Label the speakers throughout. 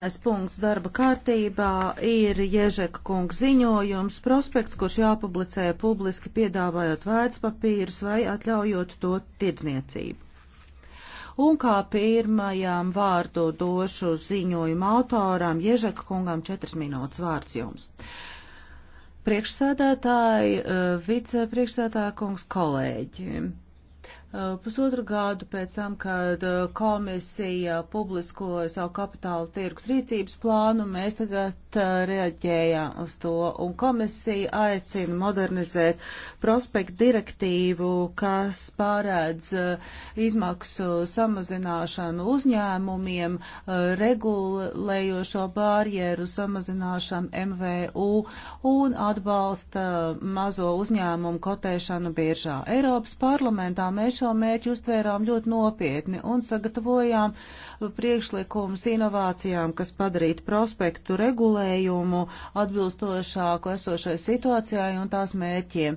Speaker 1: Pirmais punkts darba kārtībā ir Ježeka kungs ziņojums, prospekts, kurš jāpublicē publiski piedāvājot vērtspapīrus vai atļaujot to tirdzniecību. Un kā pirmajām vārdu došu ziņojumu autorām Ježeka kungam četras minūtes vārds jums. Priekšsēdētāji, eh, vicepriekšsēdētāja kungs, kolēģi. Eh, pusotru gadu pēc tam, kad eh, komisija publiskoja savu kapitāla tirgus rīcības plānu, mēs tagad reaģējām uz to, un komisija aicina modernizēt prospektu direktīvu, kas pārēdz izmaksu samazināšanu uzņēmumiem, regulējošo barjeru samazināšanu MVU un atbalsta mazo uzņēmumu kotēšanu biežā. Eiropas parlamentā mēs šo mērķu uztvērām ļoti nopietni un sagatavojām priekšlikumus inovācijām, kas padarītu prospektu regulējumu regulējumu atbilstošāku esošai situācijai un tās mērķiem.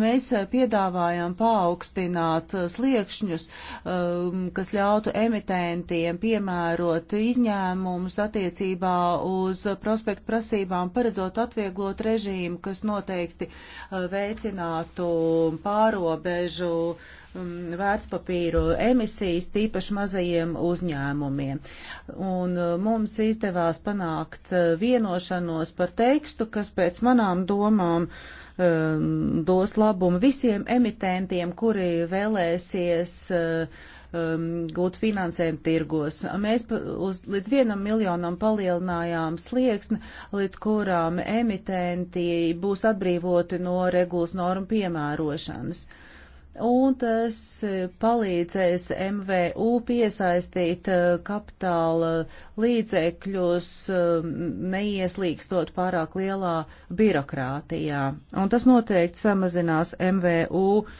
Speaker 1: Mēs eh, piedāvājam paaugstināt eh, sliekšņus, um, kas ļautu emitentiem piemērot izņēmumus attiecībā uz prospektu prasībām, paredzot atvieglot režīmu, kas noteikti eh, veicinātu pārobežu Mm, vērtspapīru emisijas tīpaši mazajiem uzņēmumiem. Un uh, mums izdevās panākt uh, vienošanos par tekstu, kas pēc manām domām um, dos labumu visiem emitentiem, kuri vēlēsies uh, um, gūt finansējumu tirgos. Mēs uz, līdz vienam miljonam palielinājām slieksni, līdz kurām emitenti būs atbrīvoti no regulas normu piemērošanas. Uh, un tas palīdzēs MVU piesaistīt eh, kapitāla līdzekļus, eh, neieslīkstot pārāk lielā birokrātijā. Un tas noteikti samazinās MVU eh,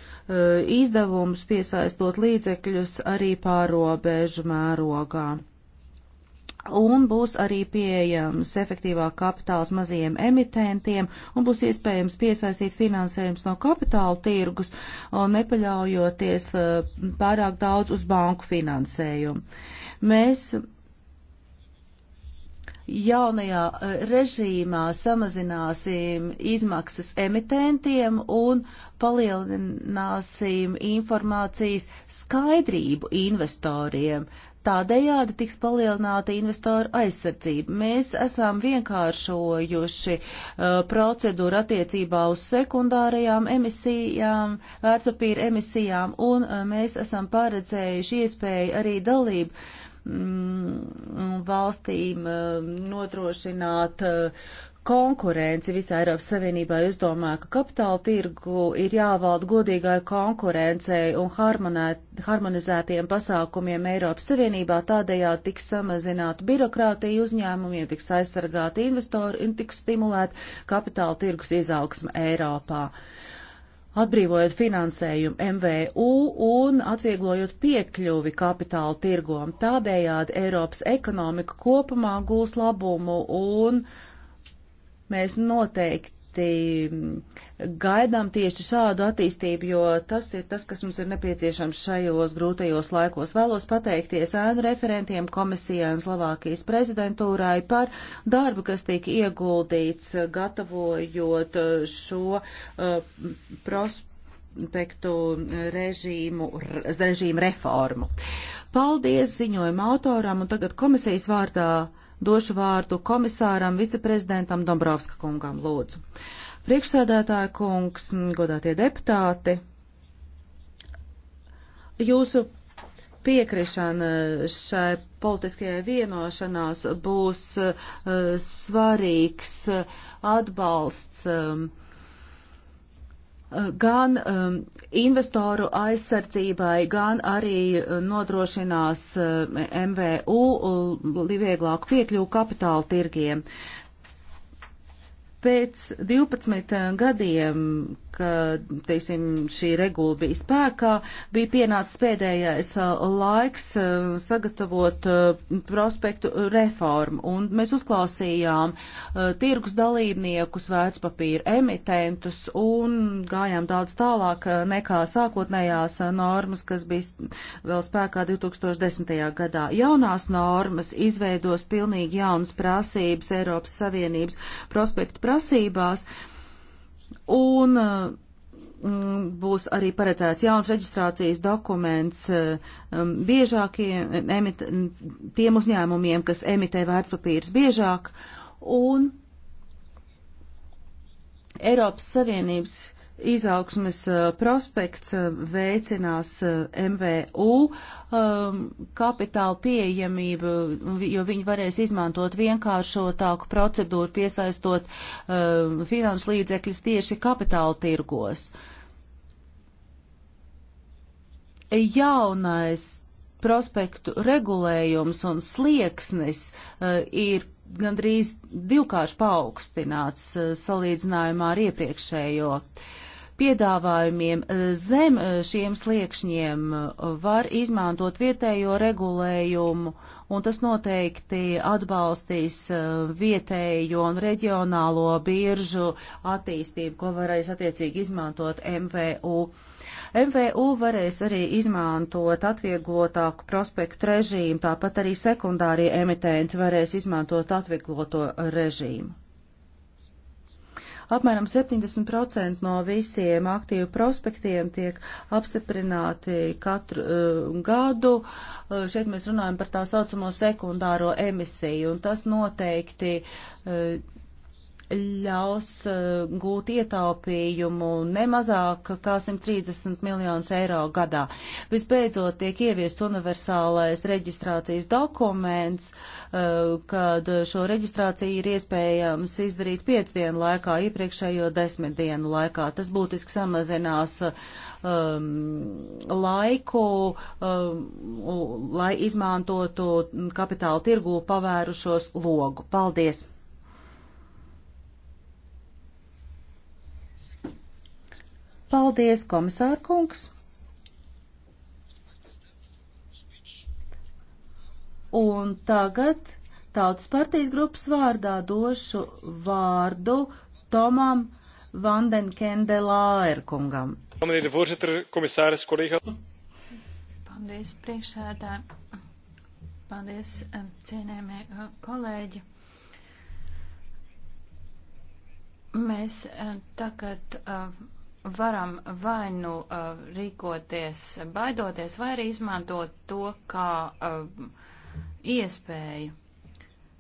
Speaker 1: izdevumus, piesaistot līdzekļus arī pārobežu mērogā un būs arī pieejams efektīvāk kapitāls mazajiem emitentiem un būs iespējams piesaistīt finansējums no kapitāla tirgus, nepaļaujoties e, pārāk daudz uz banku finansējumu. Mēs jaunajā e, režīmā samazināsim izmaksas emitentiem un palielināsim informācijas skaidrību investoriem. Tādējādi tiks palielināta investoru aizsardzība. Mēs esam vienkāršojuši uh, procedūru attiecībā uz sekundārajām emisijām, vērtspapīra emisijām, un uh, mēs esam paredzējuši iespēju arī dalību mm, valstīm uh, nodrošināt uh, konkurenci visā Eiropas Savienībā. Es domāju, ka kapitāla tirgu ir jāvalda godīgai konkurencei un harmonizētiem pasākumiem Eiropas Savienībā. Tādējādi tiks samazināta birokrātija uzņēmumiem, tiks aizsargāti investori un tiks stimulēta kapitāla tirgus izaugsme Eiropā. Atbrīvojot finansējumu MVU un atvieglojot piekļuvi kapitāla tirgom, tādējādi Eiropas ekonomika kopumā gūs labumu un uh, Mēs noteikti gaidām tieši šādu attīstību, jo tas ir tas, kas mums ir nepieciešams šajos grūtajos laikos. Vēlos pateikties ēnu referentiem, komisijai un Slovākijas prezidentūrai par darbu, kas tika ieguldīts gatavojot šo uh, prospektu aspektu režīmu, režīmu reformu. Paldies ziņojuma autoram un tagad komisijas vārdā došu vārdu komisāram, viceprezidentam Dombrovska kungam lūdzu. Priekšsēdētāja kungs, godātie deputāti, jūsu piekrišana šai politiskajai vienošanās būs eh, svarīgs eh, atbalsts eh, Eh, gan um, investoru aizsardzībai, gan arī eh, nodrošinās um, eh, MVU vieglāku piekļuvu kapitāla tirgiem. Pēc 12 eh, gadiem, kad teiksim, šī regula bija spēkā, bija pienācis pēdējais eh, laiks eh, sagatavot prospektu reformu. Un mēs uzklausījām tirgus dalībniekus, vērtspapīra emitentus un gājām daudz tālāk nekā sākotnējās normas, kas bija vēl spēkā 2010. gadā. Jaunās normas izveidos pilnīgi jaunas prasības Eiropas Savienības prospektu prasības prasībās. Un uh, mm, būs arī paredzēts jauns reģistrācijas dokuments uh, um, biežākiem, emit, tiem uzņēmumiem, kas emitē vērtspapīrus biežāk. Un Eiropas Savienības izaugsmes uh, prospekts uh, veicinās uh, MVU um, kapitāla pieejamību, jo viņi varēs izmantot vienkāršotāku procedūru, piesaistot um, finanšu līdzekļus tieši kapitāla tirgos. Jaunais prospektu regulējums un slieksnis uh, ir gandrīz divkārši paaugstināts eh, salīdzinājumā ar iepriekšējo. Piedāvājumiem eh, zem eh, šiem sliekšņiem var izmantot vietējo regulējumu un tas noteikti atbalstīs uh, vietējo un reģionālo biržu attīstību, ko varēs attiecīgi izmantot MVU. MVU varēs arī izmantot atvieglotāku prospektu režīmu, tāpat arī sekundārie emitenti varēs izmantot atviegloto režīmu. Apmēram 70% no visiem aktīvu prospektiem tiek apstiprināti katru uh, gadu. Uh, šeit mēs runājam par tā saucamo sekundāro emisiju, un tas noteikti uh, ļaus uh, gūt ietaupījumu nemazāk kā 130 miljonus eiro gadā. Visbeidzot, tiek ieviests universālais reģistrācijas dokuments, uh, kad šo reģistrāciju ir iespējams izdarīt 5 dienu laikā, iepriekšējo 10 dienu laikā. Tas būtiski samazinās um, laiku, um, lai izmantotu kapitāla tirgū pavērušos logu. Paldies! Paldies, komisārkungs! Un tagad Tautas partijas grupas vārdā došu vārdu Tomam Vandenkendelāerkungam.
Speaker 2: Paldies, priekšsēdētāji! Paldies, eh, cienējamie eh, kolēģi! Mēs eh, tagad varam vai nu uh, rīkoties baidoties, vai arī izmantot to kā uh, iespēju,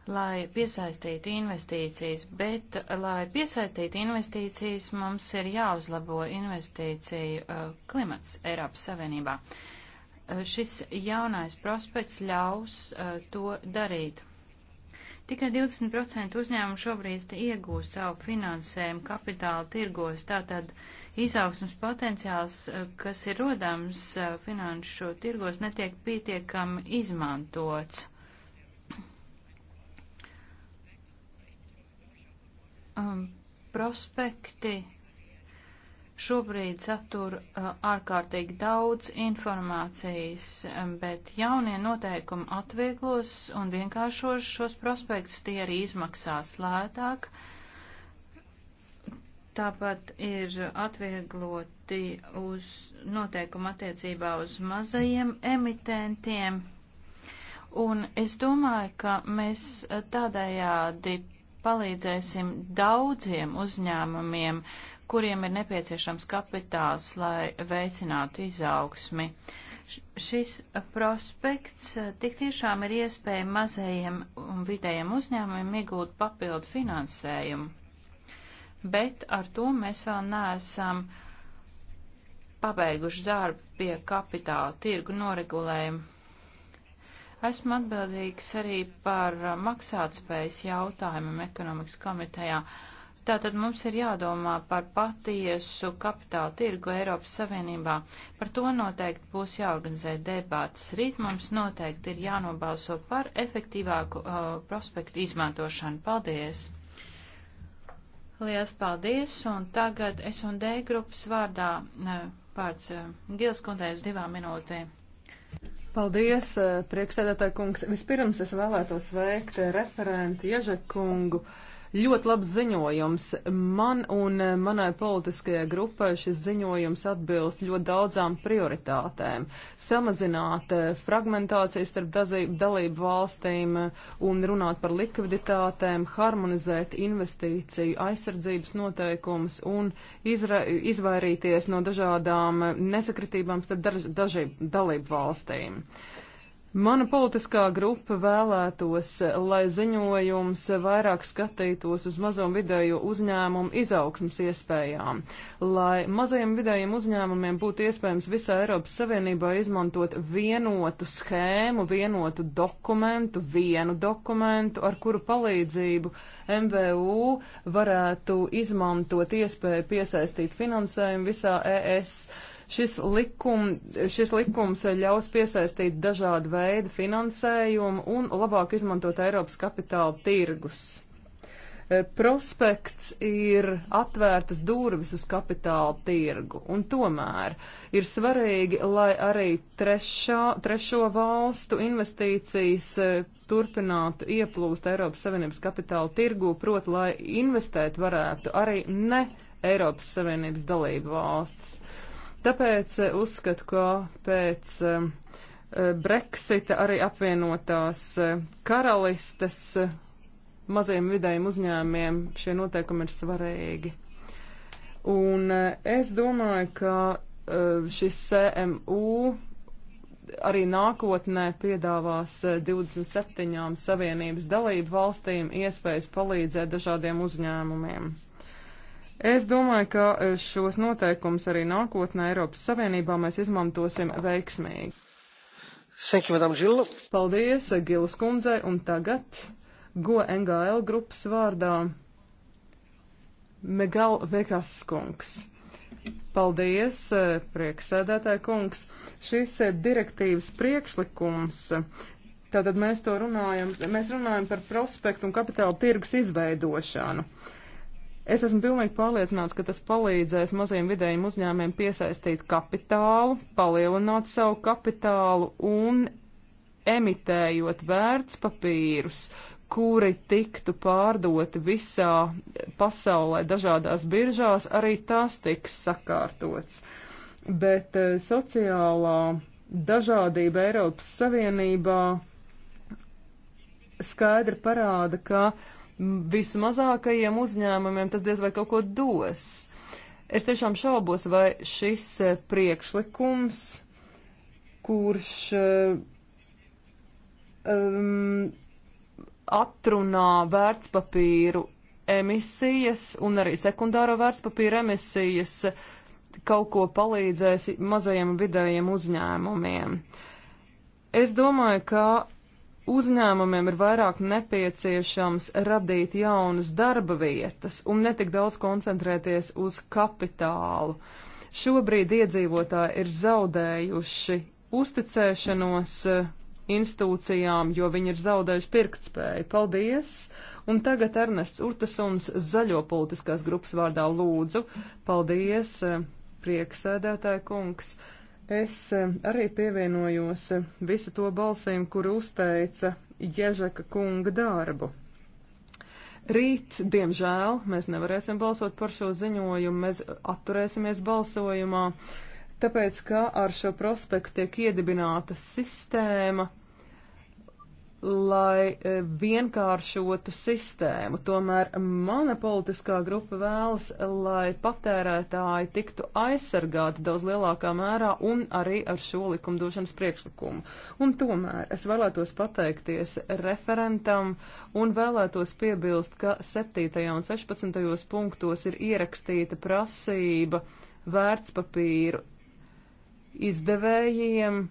Speaker 2: lai piesaistītu investīcijas. Bet, lai piesaistītu investīcijas, mums ir jāuzlabo investīciju uh, klimats Eiropas Savienībā. Uh, šis jaunais prospekts ļaus uh, to darīt. Tikai 20% uzņēmumu šobrīd iegūst savu finansējumu kapitāla tirgos, tātad izaugsmas potenciāls, eh, kas ir rodams eh, finanšu tirgos, netiek pietiekami izmantots. Um, prospekti šobrīd satur uh, ārkārtīgi daudz informācijas, um, bet jaunie noteikumi atvieglos un vienkāršos šos prospektus, tie arī izmaksās lētāk. Tāpat ir atviegloti uz noteikumu attiecībā uz mazajiem emitentiem. Un es domāju, ka mēs uh, tādējādi palīdzēsim daudziem uzņēmumiem kuriem ir nepieciešams kapitāls, lai veicinātu izaugsmi. Šis prospekts eh, tik tiešām ir iespēja mazajiem un vidējiem uzņēmumiem iegūt papildu finansējumu, bet ar to mēs vēl neesam pabeiguši darbu pie kapitāla tirgu noregulējumu. Esmu atbildīgs arī par eh, maksātspējas jautājumiem ekonomikas komitejā. Uh, Tātad mums ir jādomā par patiesu kapitāla tirgu Eiropas Savienībā. Par to noteikti būs jāorganizē debātas. Rīt mums noteikti ir jānobalso par efektīvāku uh, prospektu izmantošanu. Paldies! Lielas paldies! Un tagad es un D grupas vārdā uh, pārts uh, Gils Kundējs divām minūtēm.
Speaker 3: Paldies, uh, priekšsēdētāji kungs. Vispirms es vēlētos sveikt referentu Ježekungu. kungu Ļoti labs ziņojums. Man un eh, manai politiskajai grupai šis ziņojums atbilst ļoti daudzām prioritātēm. Samazināt eh, fragmentācijas starp dalību valstīm eh, un runāt par likviditātēm, harmonizēt investīciju aizsardzības noteikumus un izra, izvairīties no dažādām nesakritībām starp daž, daži dalību valstīm. Uh, Mana politiskā grupa vēlētos, lai ziņojums vairāk skatītos uz mazo un vidējo uzņēmumu izaugsmas iespējām, lai mazajiem vidējiem uzņēmumiem būtu iespējams visā Eiropas Savienībā izmantot vienotu schēmu, vienotu dokumentu, vienu dokumentu, ar kuru palīdzību MVU varētu izmantot iespēju piesaistīt finansējumu visā ES Šis, likum, šis likums ļaus piesaistīt dažādu veidu finansējumu un labāk izmantot Eiropas kapitāla tirgus. E, prospekts ir atvērtas durvis uz kapitāla tirgu, un tomēr ir svarīgi, lai arī trešā, trešo valstu investīcijas e, turpinātu ieplūst Eiropas Savienības kapitāla tirgu, proti, lai investēt varētu arī ne Eiropas Savienības dalību valstis. Tāpēc eh, uzskatu, ka pēc eh, Brexita arī apvienotās eh, karalistes maziem vidējiem uzņēmiem šie noteikumi ir svarīgi. Un es domāju, ka šis CMU arī nākotnē piedāvās 27 savienības dalību valstīm iespējas palīdzēt dažādiem uzņēmumiem. Es domāju, ka e, šos noteikumus arī nākotnē Eiropas Savienībā mēs izmantosim veiksmīgi. Thank you, Madam Žila. Paldies e, Gilas kundzei un tagad Go NGL grupas vārdā Megal Vekas kungs. Paldies, e, prieksēdētāja kungs. Šis direktīvas priekšlikums, tātad mēs to runājam, mēs runājam par prospektu un kapitāla tirgus izveidošanu. Uh, Es esmu pilnīgi pārliecināts, ka tas palīdzēs maziem vidējiem uzņēmiem piesaistīt kapitālu, palielināt savu kapitālu un emitējot vērtspapīrus, kuri tiktu pārdoti visā pasaulē dažādās biržās, arī tas tiks sakārtots. Bet eh, sociālā dažādība Eiropas Savienībā skaidri parāda, ka uh, vismazākajiem uzņēmumiem tas diez vai kaut ko dos. Es tiešām šaubos, vai šis eh, priekšlikums, kurš um, atrunā vērtspapīru emisijas un arī sekundāro vērtspapīru emisijas, kaut ko palīdzēs mazajiem vidējiem uzņēmumiem. Es domāju, ka uzņēmumiem ir vairāk nepieciešams radīt jaunas darba vietas un netik daudz koncentrēties uz kapitālu. Šobrīd iedzīvotāji ir zaudējuši uzticēšanos eh, institūcijām, jo viņi ir zaudējuši pirktspēju. Paldies! Un tagad Ernests Urtasuns zaļo politiskās grupas vārdā lūdzu. Paldies, eh, prieksēdētāji kungs! Es eh, arī pievienojos eh, visu to balsīm, kur uzteica Ježaka kunga darbu. Rīt, diemžēl, mēs nevarēsim balsot par šo ziņojumu, mēs atturēsimies balsojumā, tāpēc, ka ar šo prospektu tiek iedibināta sistēma, lai e, vienkāršotu sistēmu. Tomēr mana politiskā grupa vēlas, lai patērētāji tiktu aizsargāti daudz lielākā mērā un arī ar šo likumdošanas priekšlikumu. Un tomēr es vēlētos pateikties referentam un vēlētos piebilst, ka 7. un 16. punktos ir ierakstīta prasība vērtspapīru izdevējiem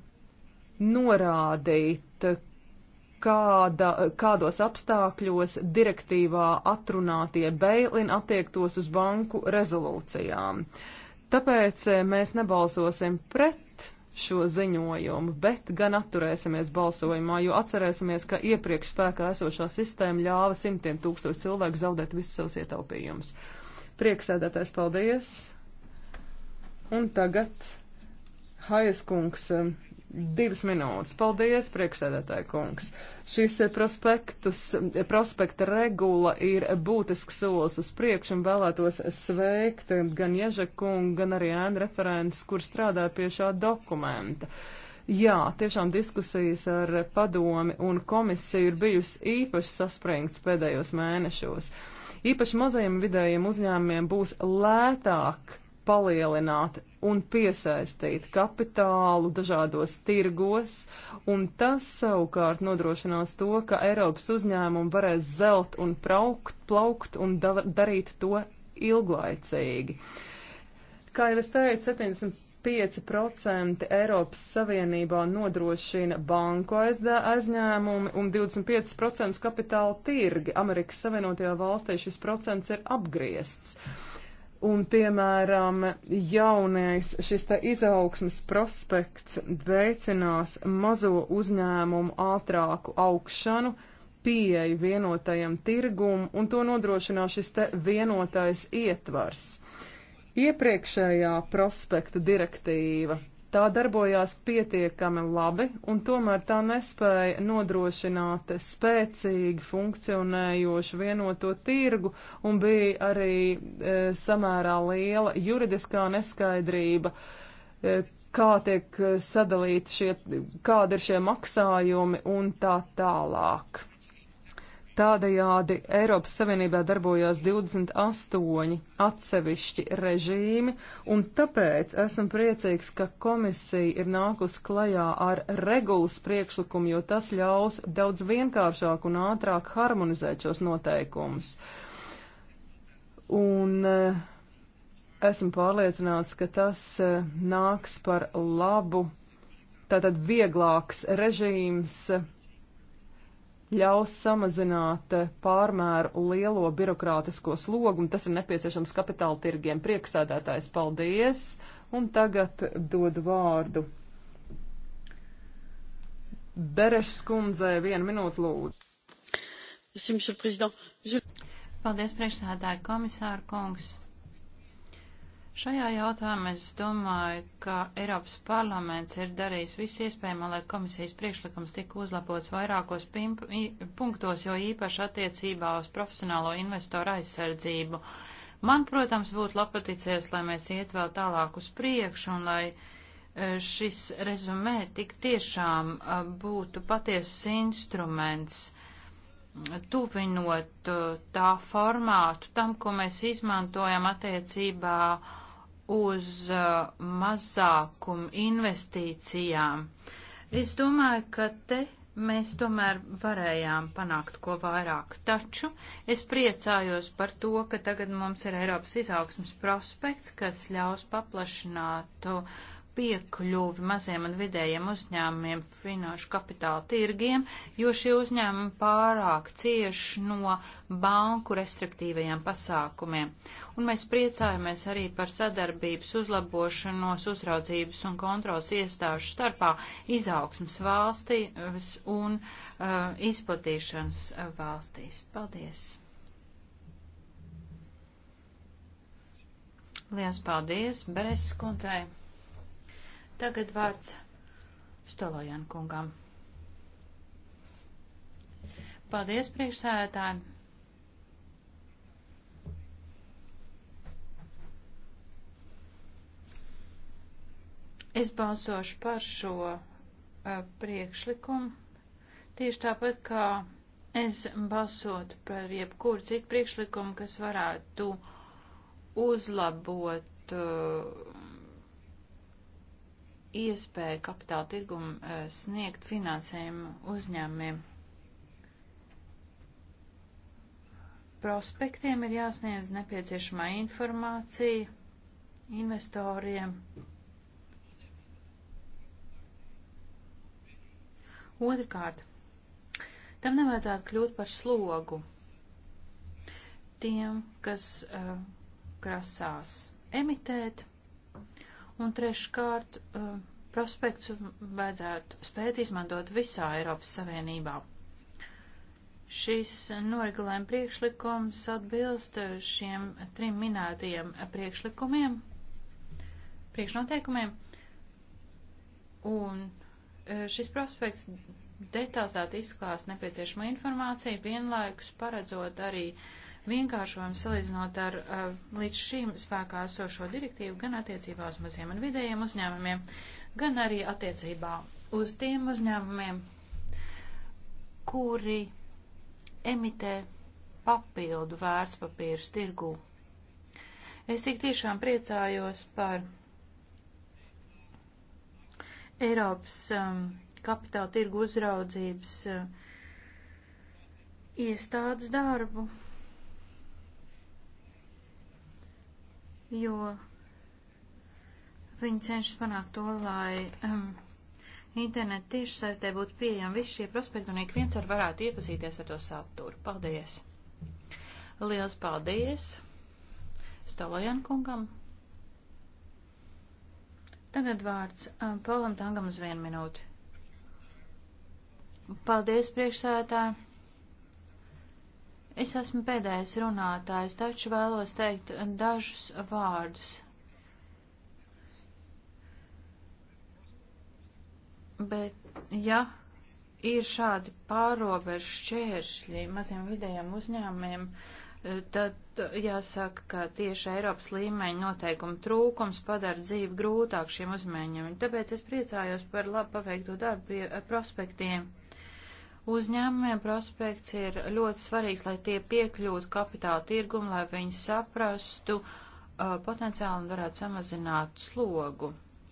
Speaker 3: norādīt, kāda, kādos apstākļos direktīvā atrunātie beilin attiektos uz banku rezolūcijām. Tāpēc eh, mēs nebalsosim pret šo ziņojumu, bet gan atturēsimies balsojumā, jo atcerēsimies, ka iepriekš spēkā esošā sistēma ļāva simtiem tūkstošu cilvēku zaudēt visus savus ietaupījumus. Prieksēdētais paldies! Un tagad Hajas kungs. Eh, Divas minūtes. Paldies, priekšsēdētāji kungs. Šis eh, eh, prospekta regula ir būtisks solis uz priekšu un vēlētos sveikt gan Ježek kungu, gan arī ēnu referents, kur strādā pie šā dokumenta. Jā, tiešām diskusijas ar padomi un komisiju ir bijusi īpaši saspringts pēdējos mēnešos. Īpaši mazajiem vidējiem uzņēmumiem būs lētāk palielināt un piesaistīt kapitālu dažādos tirgos, un tas savukārt nodrošinās to, ka Eiropas uzņēmumi varēs zelt un praukt, plaukt un da darīt to ilglaicīgi. Kā jau es teicu, 70 5% Eiropas Savienībā nodrošina banku aizņēmumi un 25% kapitāla tirgi. Amerikas Savienotajā valstī šis procents ir apgriezts. Un, piemēram, jaunais šis te izaugsmas prospekts veicinās mazo uzņēmumu ātrāku augšanu, pieeju vienotajam tirgum, un to nodrošinās šis te vienotais ietvars. Iepriekšējā prospekta direktīva tā darbojās pietiekami labi, un tomēr tā nespēja nodrošināt spēcīgi funkcionējošu vienoto tirgu, un bija arī e, samērā liela juridiskā neskaidrība, e, kā tiek sadalīti šie, kādi ir šie maksājumi un tā tālāk. Tādējādi Eiropas Savienībā darbojās 28 atsevišķi režīmi, un tāpēc esmu priecīgs, ka komisija ir nākus klajā ar regulas priekšlikumu, jo tas ļaus daudz vienkāršāk un ātrāk harmonizēt šos noteikumus. Un eh, esmu pārliecināts, ka tas eh, nāks par labu, tātad vieglāks režīms ļaus samazināt eh, pārmēru lielo birokrātisko slogu, un tas ir nepieciešams kapitāla tirgiem. Prieksēdētājs, paldies! Un tagad dodu vārdu. Berešs kundzei vienu minūtu lūdzu.
Speaker 2: Paldies, priekšsēdētāji komisāru kungs. Šajā jautājumā es domāju, ka Eiropas parlaments ir darījis visu iespējamo, lai komisijas priekšlikums tika uzlabots vairākos pimp, punktos, jo īpaši attiecībā uz profesionālo investoru aizsardzību. Man, protams, būtu lapaticies, lai mēs iet vēl tālāk uz priekšu un lai e, šis rezumē tik tiešām e, būtu patiesas instruments e, tuvinot tā formātu tam, ko mēs izmantojam attiecībā uz uh, mazākumu investīcijām. Es domāju, ka te mēs tomēr varējām panākt ko vairāk. Taču es priecājos par to, ka tagad mums ir Eiropas izaugsmas prospekts, kas ļaus paplašināt piekļuvi maziem un vidējiem uzņēmumiem finanšu kapitāla tirgiem, jo šie uzņēmumi pārāk cieš no banku restriktīvajiem pasākumiem un mēs priecājamies arī par sadarbības uzlabošanos uzraudzības un kontrols iestāžu starpā izaugsmas valstīs un uh, izplatīšanas uh, valstīs. Paldies! Lielas paldies Bereses kundzei. Tagad vārds Stolojan kungam. Paldies priekšsēdētājiem! Es balsošu par šo uh, priekšlikumu. Tieši tāpat kā es balsotu par jebkuru citu priekšlikumu, kas varētu uzlabot uh, iespēju kapitāla tirgumu uh, sniegt finansējumu uzņēmumiem. Prospektiem ir jāsniedz nepieciešamā informācija investoriem. Otrkārt, tam nevajadzētu kļūt par slogu tiem, kas uh, grasās emitēt. Un treškārt, uh, prospekts vajadzētu spēt izmantot visā Eiropas Savienībā. Šis noregulējuma priekšlikums atbilst šiem trim minētajiem priekšlikumiem, priekšnoteikumiem, un Eh, šis prospekts detalizēti izklāst nepieciešamo informāciju, vienlaikus paredzot arī vienkāršojumu salīdzinot ar uh, līdz šīm spēkā esošo direktīvu gan attiecībā uz maziem un vidējiem uzņēmumiem, gan arī attiecībā uz tiem uzņēmumiem, kuri emitē papildu vērtspapīru tirgū. Es tik tiešām priecājos par Eiropas um, kapitāla tirgu uzraudzības uh, iestādes darbu, jo viņi cenšas panākt to, lai um, internetu tiešsaistē būtu pieejami visi šie prospekti un ik viens ar varētu iepazīties ar to saturu. Paldies! Liels paldies Stalojankungam! Tagad vārds Paulam Tangam uz vienu minūti. Paldies, priekšsēdētāji! Es esmu pēdējais runātājs, taču vēlos teikt dažus vārdus. Bet, ja ir šādi pārobežu šķēršļi maziem vidējiem uzņēmumiem, uh, tad jāsaka, ka tieši Eiropas līmeņa noteikuma trūkums padara dzīvi grūtāk šiem uzmēņiem. Tāpēc es priecājos par labu paveikto darbu pie eh, prospektiem. Uzņēmumiem prospekts ir ļoti svarīgs, lai tie piekļūtu kapitāla tirgumu, lai viņi saprastu uh, eh, potenciāli un varētu samazināt slogu.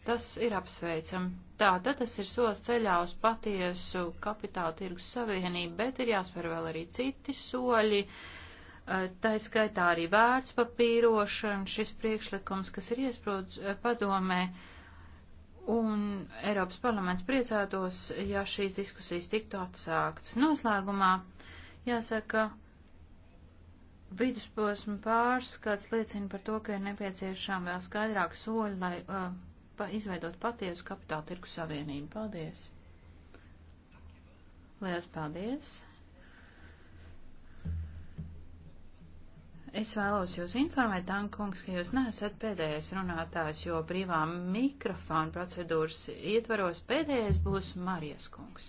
Speaker 2: Tas ir apsveicam. Tā, tad tas ir solis ceļā uz patiesu kapitāla tirgus savienību, bet ir jāspēr vēl arī citi soļi. Uh, Eh, tā skaitā arī vērts papīrošana, šis priekšlikums, kas ir iesprūdz eh, padomē, un Eiropas parlaments priecātos, ja šīs diskusijas tiktu atsāktas. Noslēgumā jāsaka, vidusposma pārskats liecina par to, ka ir nepieciešām vēl skaidrāk soļi, lai uh, pa, izveidot patiesu kapitāla tirku savienību. Paldies! Lielas paldies! Es vēlos jūs informēt, Dankungs, ka jūs neesat pēdējais runātājs, jo brīvā mikrofona procedūras ietvaros pēdējais būs Marijas kungs.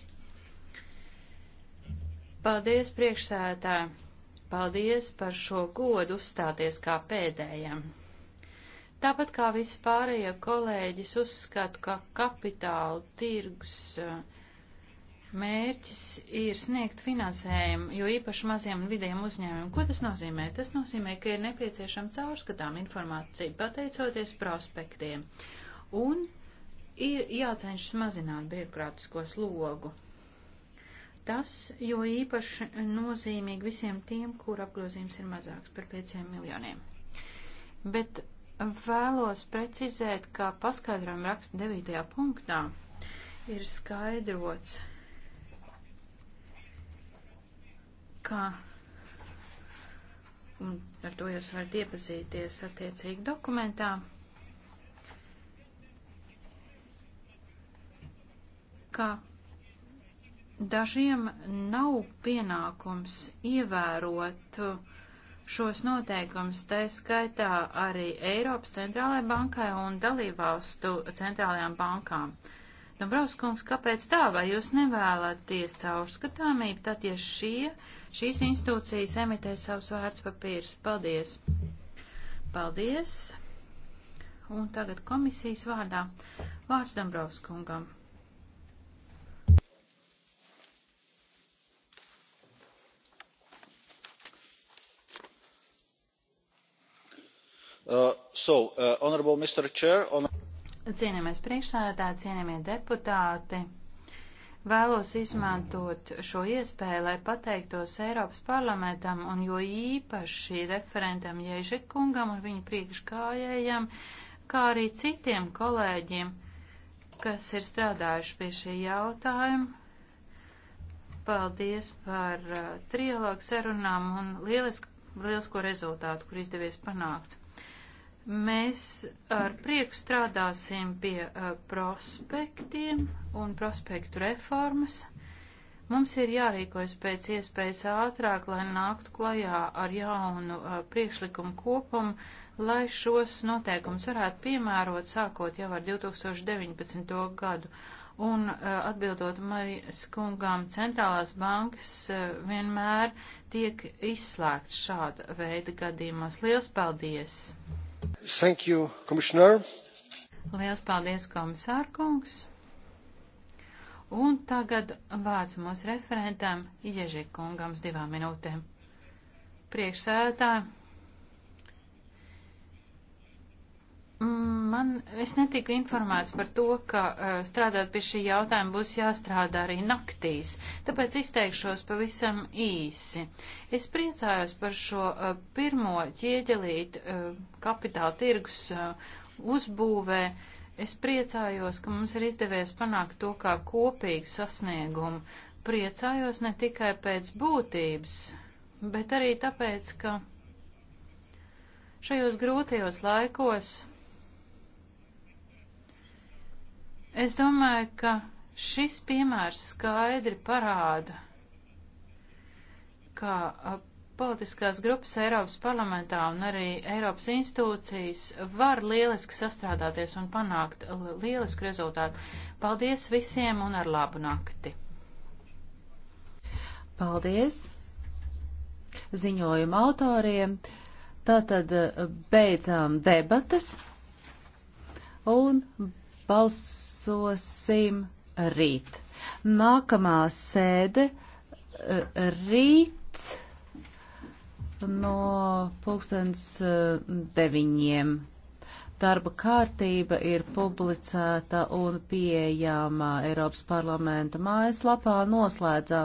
Speaker 2: Paldies, priekšsētāji! Paldies par šo godu uzstāties kā pēdējam. Tāpat kā visi pārējie kolēģis uzskatu, ka kapitāla tirgus uh, mērķis ir sniegt finansējumu, jo īpaši maziem un vidējiem uzņēmumiem. Ko tas nozīmē? Tas nozīmē, ka ir nepieciešama caurskatām informācija, pateicoties prospektiem. Un ir jācenšas mazināt birokrātisko slogu. Tas, jo īpaši nozīmīgi visiem tiem, kur apgrozījums ir mazāks par 5 miljoniem. Bet vēlos precizēt, kā paskaidrojuma raksta 9. punktā ir skaidrots, kā un ar to jūs varat iepazīties attiecīgi dokumentā. Kā dažiem nav pienākums ievērot šos noteikumus, tā skaitā arī Eiropas centrālajai bankai un dalībvalstu centrālajām bankām. Uh, Dombrovskungs, kāpēc tā, vai jūs nevēlaties caurskatāmību, tad, ja šie, šīs institūcijas emitē savus vērtspapīrus? Paldies! Paldies! Un tagad komisijas vārdā vārds Dombrovskungam. Uh, so, uh, honorable Mr. Chair, on... Cienījamais priekšsēdētāji, cienījamie deputāti, vēlos izmantot šo iespēju, lai pateiktos Eiropas parlamentam un jo īpaši referentam Ježekungam un viņa priekškājējam, kā arī citiem kolēģiem, kas ir strādājuši pie šī jautājuma. Paldies par uh, trialogu sarunām un lielisku, lielisko rezultātu, kur izdevies panākt. Mēs ar prieku strādāsim pie uh, prospektiem un prospektu reformas. Mums ir jārīkojas pēc iespējas ātrāk, lai nāktu klajā ar jaunu uh, priekšlikumu kopumu, lai šos noteikumus varētu piemērot sākot jau ar 2019. gadu. Un uh, atbildot Marijas kungām, centrālās bankas vienmēr tiek izslēgts šāda veida gadījumos. Liels paldies!
Speaker 3: Thank you, Commissioner.
Speaker 2: Liels paldies, komisārkungs. Un tagad vārds mūsu referentam Iežikungams divām minūtēm. Priekšsēdētāji. Mm, man, es netiku informēts par to, ka eh, strādāt pie šī jautājuma būs jāstrādā arī naktīs, tāpēc izteikšos pavisam īsi. Es priecājos par šo eh, pirmo ķieģelīt eh, kapitāla tirgus uzbūvē. Es priecājos, ka mums ir izdevies panākt to kā kopīgu sasniegumu. Priecājos ne tikai pēc būtības, bet arī tāpēc, ka šajos grūtajos laikos Es domāju, ka šis piemērs skaidri parāda, ka politiskās grupas Eiropas parlamentā un arī Eiropas institūcijas var lieliski sastrādāties un panākt lielisku rezultātu. Paldies visiem un ar labu nakti!
Speaker 1: Paldies ziņojuma autoriem. Tātad beidzām debatas un balss balsosim rīt. Nākamā sēde eh, rīt no pulkstens eh, deviņiem. Darba kārtība ir publicēta un pieejama Eiropas parlamenta mājaslapā noslēdzām.